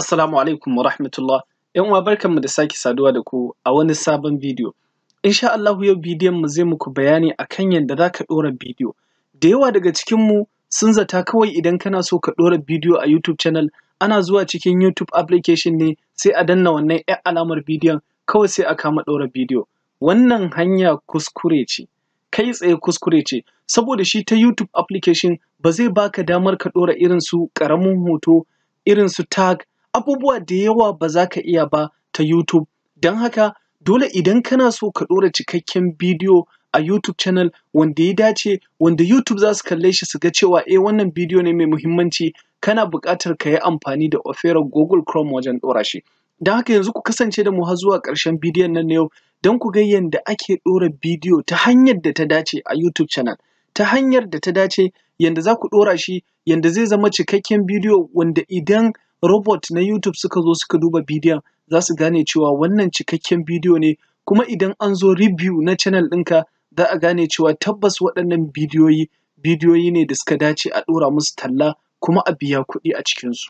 Assalamu alaikum wa rahmatullah. ‘Yan uwa barkanmu da sake saduwa da ku a wani sabon bidiyo. Insha Allah yau bidiyon mu zai muku bayani akan yadda za ka ɗora bidiyo. Da yawa daga cikin mu sun zata kawai idan kana so ka ɗora bidiyo a YouTube channel ana zuwa cikin YouTube application ne sai a danna wannan ‘yar alamar bidiyon kawai sai a kama ɗora bidiyo. Wannan hanya kuskure ce. kai tsaye kuskure ce saboda shi ta YouTube application ba zai baka damar ka ɗora irin su ƙaramin hoto irin su tag abubuwa da yawa ba za ka iya ba ta YouTube. Don haka dole idan kana so ka ɗora cikakken bidiyo a YouTube channel wanda ya dace wanda YouTube za su kalle shi su ga cewa e wannan bidiyo ne mai muhimmanci kana buƙatar ka yi amfani da operar Google Chrome wajen ɗora shi. Don haka yanzu ku kasance da mu har zuwa ƙarshen bidiyon nan na yau don ku ga yadda ake ɗora bidiyo ta hanyar da ta dace a YouTube channel. Ta hanyar da ta dace yanda za ku ɗora shi yanda zai zama cikakken bidiyo wanda idan robot na YouTube suka zo suka duba bidiyon za su gane cewa wannan cikakken bidiyo ne kuma idan an zo review na channel ɗinka za a gane cewa tabbas waɗannan bidiyoyi bidiyoyi ne da suka dace a ɗora musu talla kuma a biya kuɗi a cikinsu.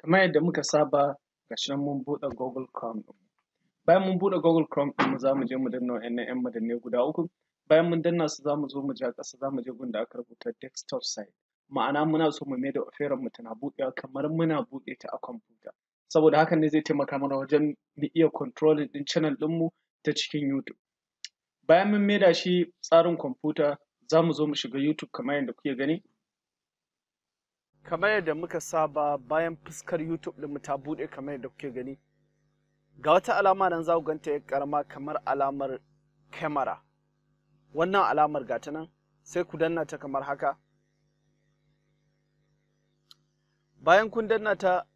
Kamar yadda muka saba gashi nan mun buɗe Google Chrome ɗin. Bayan mun buɗe Google Chrome ɗin mu za mu je mu danna wa'annan 'yan madannai guda uku. Bayan mun danna su za mu zo mu ja ƙasa za mu je gun da aka rubuta desktop site. ma'ana muna so mu maida operan mu tana buɗewa kamar muna buɗe ta a kwamfuta saboda hakan ne zai taimaka mana wajen mu iya controlling din channel ɗin mu ta cikin YouTube bayan mun maida shi tsarin kwamfuta za mu zo mu shiga YouTube kamar yadda kuke gani kamar yadda muka saba bayan fuskar YouTube ɗin mu ta buɗe kamar yadda kuke gani ga wata alama nan za ku ganta ya karama kamar alamar camera wannan alamar gata nan sai ku danna ta kamar haka bayan kun danna ta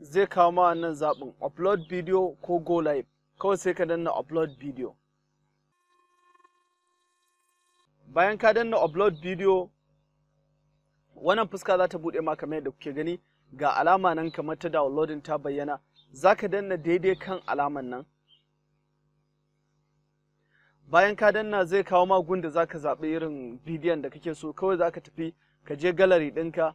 zai kawo ma wannan zaɓin upload video ko go live kawai sai ka danna upload video bayan ka danna upload video wannan fuska za ta buɗe ma kamar yadda kuke gani ga alama nan kamar ta downloading ta bayyana za ka danna daidai kan alaman nan bayan ka danna zai kawo ma da za ka zaɓi irin bidiyon da kake so kawai za ka tafi ka je gallery ɗinka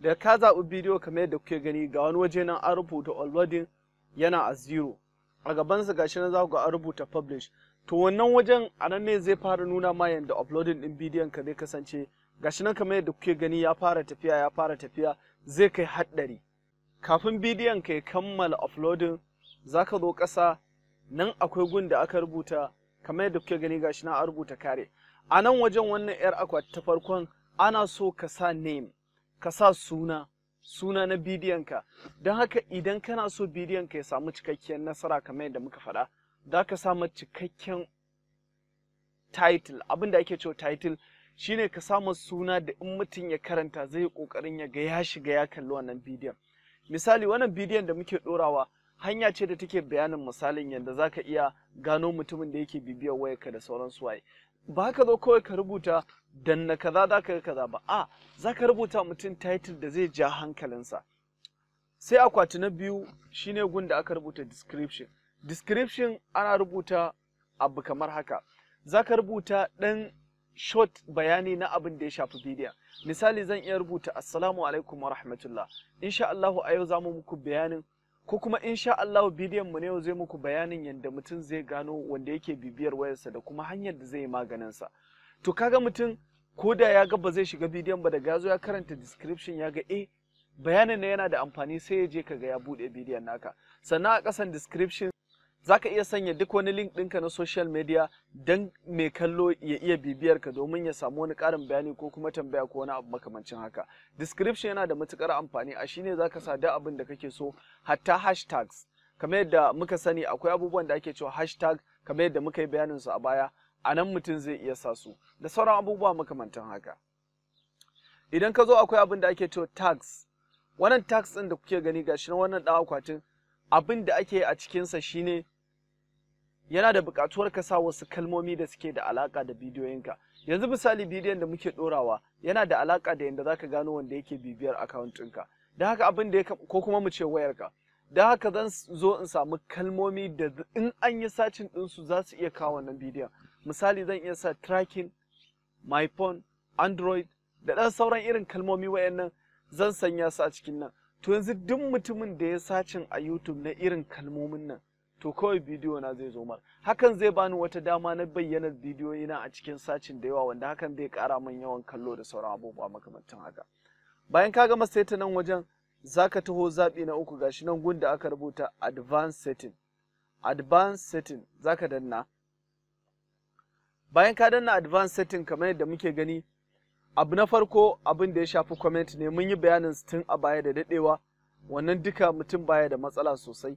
da ka zaɓi bidiyo kamar yadda kuke gani ga wani waje nan an rubuta already yana a zero a gabansa gashi nan za ku ga an rubuta publish to wannan wajen a nan ne zai fara nuna ma yanda uploading din bidiyon ka zai kasance gashi nan kamar yadda kuke gani ya fara tafiya ya fara tafiya zai kai haɗari kafin bidiyon ka ya kammala uploading za ka zo ƙasa nan akwai gun da aka rubuta kamar yadda kuke gani gashi nan an rubuta kare a nan wajen wannan 'yar akwati ta farkon ana so ka sa name ka sa suna suna na bidiyonka don haka idan kana so bidiyonka ya samu cikakken nasara kamar yadda muka faɗa za ka samu cikakken title abin da ake cewa title shine ka samu suna da in mutum ya karanta zai kokarin ya ga ya shiga ya kalli wannan bidiyon misali wannan bidiyon da muke dorawa hanya ce da take bayanin misalin yadda za ka iya gano mutumin da yake bibiyar wayarka da sauran suwaye ba ka zo kawai ka rubuta dan na kaza za ka kaza ba a za ka rubuta mutum title da zai ja hankalinsa sai akwati na biyu shine gun da aka rubuta description description ana rubuta abu kamar haka za ka rubuta ɗan short bayani na abin da ya shafi bidiyon misali zan iya rubuta assalamu alaikum wa rahmatullah insha a yau za mu muku bayanin ko kuma insha Allah bidiyon mu ne zai muku bayanin yadda mutum zai gano wanda yake bibiyar wayarsa da kuma hanyar da zai yi maganin sa to kaga mutum ko da ya ga ba zai shiga bidiyon ba da gazo ya karanta description ya ga eh bayanin ne yana da amfani sai ya je kaga ya bude bidiyon naka sannan a kasan description zaka iya sanya duk wani link ɗinka na social media don mai kallo ya iya bibiyar ka domin ya samu wani ƙarin bayani ko kuma tambaya ko wani abu makamancin haka description yana da matukar amfani a shine za ka sa duk abin da kake so hatta hashtags kamar yadda muka sani akwai abubuwan da ake cewa hashtag kamar yadda muka yi bayanin su a baya a nan mutum zai iya sa su da sauran abubuwa makamantan haka idan ka zo akwai abin da ake cewa tags wannan tags ɗin da kuke gani gashi na wannan ɗan akwatin abin da ake a cikinsa shine yana da buƙatuwar ka sa wasu kalmomi da suke da alaƙa da bidiyoyinka yanzu misali bidiyon da muke ɗorawa yana da alaƙa da yadda zaka gano wanda yake bibiyar akawuntinka ɗinka da haka abin da ya ko kuma mu ce wayarka da haka zan zo in samu kalmomi da in an yi sacin ɗinsu za su iya kawo wannan bidiyon misali zan iya sa tracking my phone android da ɗan sauran irin kalmomi wayannan zan sanya su a cikin nan to yanzu duk mutumin da ya sacin a youtube na irin kalmomin nan to kawai bidiyo na zai zo mar hakan zai bani wata dama na bayyana bidiyoyi a cikin sacin da yawa wanda hakan zai kara min yawan kallo da sauran abubuwa makamantan haka bayan ka gama ta nan wajen zaka taho zaɓi na uku gashi nan gun da aka rubuta advanced setting advanced setting zaka danna bayan ka danna advanced setting kamar yadda muke gani abu na farko abin da ya shafi comment ne mun yi bayanin tun a baya da dadewa wannan duka mutum baya da matsala sosai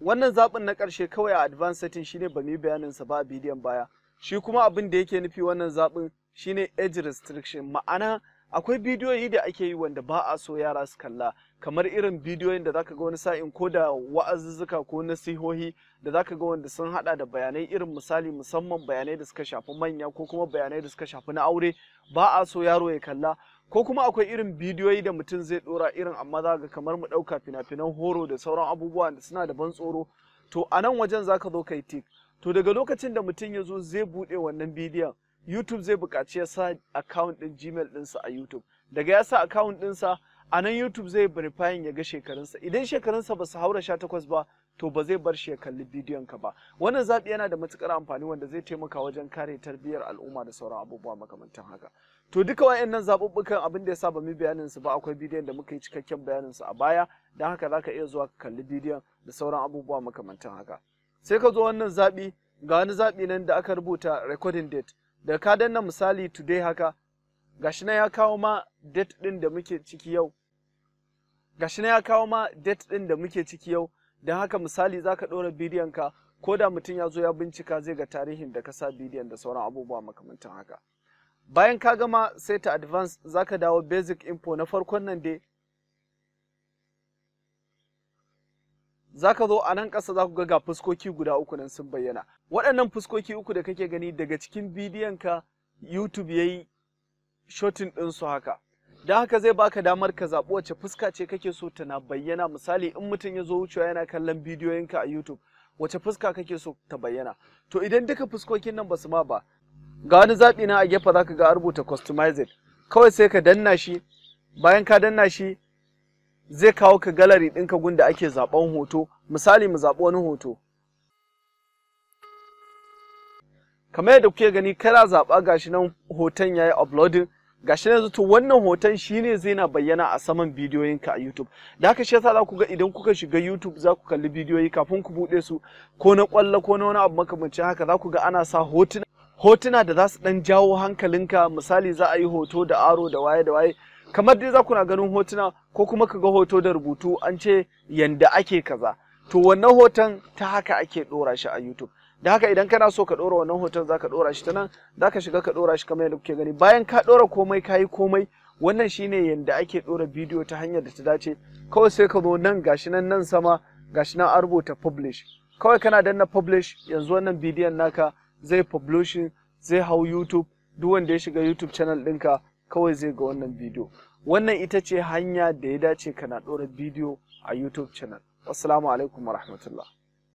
wannan zaɓin na ƙarshe kawai a advanced setting shine ba mu yi bayanin sa ba a bidiyon baya shi kuma abin da yake nufi wannan zaɓin shine age restriction ma'ana akwai bidiyoyi da ake yi wanda ba a so yara su kalla kamar irin bidiyoyin da zaka ga wani sa'in ko da wa'azuzzuka ko nasihohi da zaka ga wanda sun hada da bayanai irin misali musamman bayanai da suka shafi manya ko kuma bayanai da suka shafi na aure ba a so yaro ya kalla ko kuma akwai irin bidiyoyi da mutum zai dora irin amma za ga kamar mu ɗauka finafinan horo da sauran abubuwa da suna da ban tsoro to a nan wajen za ka zo ka yi tik to daga lokacin da mutum ya zo zai buɗe wannan bidiyon YouTube zai bukaci ya sa account ɗin Gmail ɗinsa a YouTube daga ya sa account ɗinsa a nan YouTube zai verifying ya ga shekarunsa idan shekarunsa ba su haura takwas ba to ba zai bar shi ya kalli bidiyon ka ba wannan zaɓi yana da matukar amfani wanda zai taimaka wajen kare tarbiyyar al'umma da sauran abubuwa makamantan haka to duka wa'annan zaɓuɓɓukan abin da ya sa ba mu bayanin su ba akwai bidiyon da muka yi cikakken bayanin su a baya dan haka zaka iya zuwa ka kalli bidiyon da sauran abubuwa makamantan haka sai ka zo wannan zaɓi ga wani zaɓi nan da aka rubuta recording date da ka danna misali today haka gashi na ya kawo ma date din da muke ciki yau gashi na ya kawo ma date din da muke ciki yau don haka misali za ka ɗora bidiyon ka ko da mutum ya zo ya bincika zai ga tarihin da ka sa bidiyon da sauran abubuwa makamantan haka bayan ka gama sai ta advance za ka dawo basic info na farkon nan dai za ka zo a nan ƙasa za ku ga ga fuskoki guda uku nan sun bayyana waɗannan fuskoki uku da kake gani daga cikin bidiyon ka youtube ya yi shotin ɗinsu haka don haka zai baka damar ka zaɓi wacce fuska ce kake so ta na bayyana misali in mutum ya zo wucewa yana kallon bidiyoyinka a YouTube wace fuska kake so ta bayyana to idan duka fuskokin nan basu ma ba ga wani zaɓi na a gefe zaka ga rubuta customize it kawai sai ka danna shi bayan ka danna shi zai kawo ka gallery ɗinka gunda ake zaɓen hoto misali mu zaɓi wani hoto kamar yadda kuke gani kana zaɓa gashi nan hoton yayi uploading gashi yanzu to wannan hoton shine zai na bayyana a saman bidiyoyin ka a YouTube da haka shi yasa za ku ga idan kuka shiga YouTube za ku kalli bidiyoyi kafin ku bude su ko na kwallo ko na wani abu makamancin haka za ku ga ana sa hotuna hotuna da za su dan jawo hankalinka misali za a yi hoto da aro da waye da waye kamar dai za ku na ganin hotuna ko kuma ka ga hoto da rubutu an ce yanda ake kaza to wannan hoton ta haka ake dora shi a YouTube da haka idan kana so ka dora wannan hoton zaka dora shi ta nan zaka shiga ka dora shi kamar yadda kuke gani bayan ka dora komai ka yi komai wannan shine yanda ake dora bidiyo ta hanyar da ta dace kawai sai ka zo nan gashi nan nan sama gashi nan an rubuta publish kawai kana danna publish yanzu wannan bidiyon naka zai publishing zai hau YouTube duk wanda ya shiga YouTube channel dinka kawai zai ga wannan bidiyo wannan ita ce hanya da ya dace kana ɗora bidiyo a YouTube channel. Assalamu alaikum wa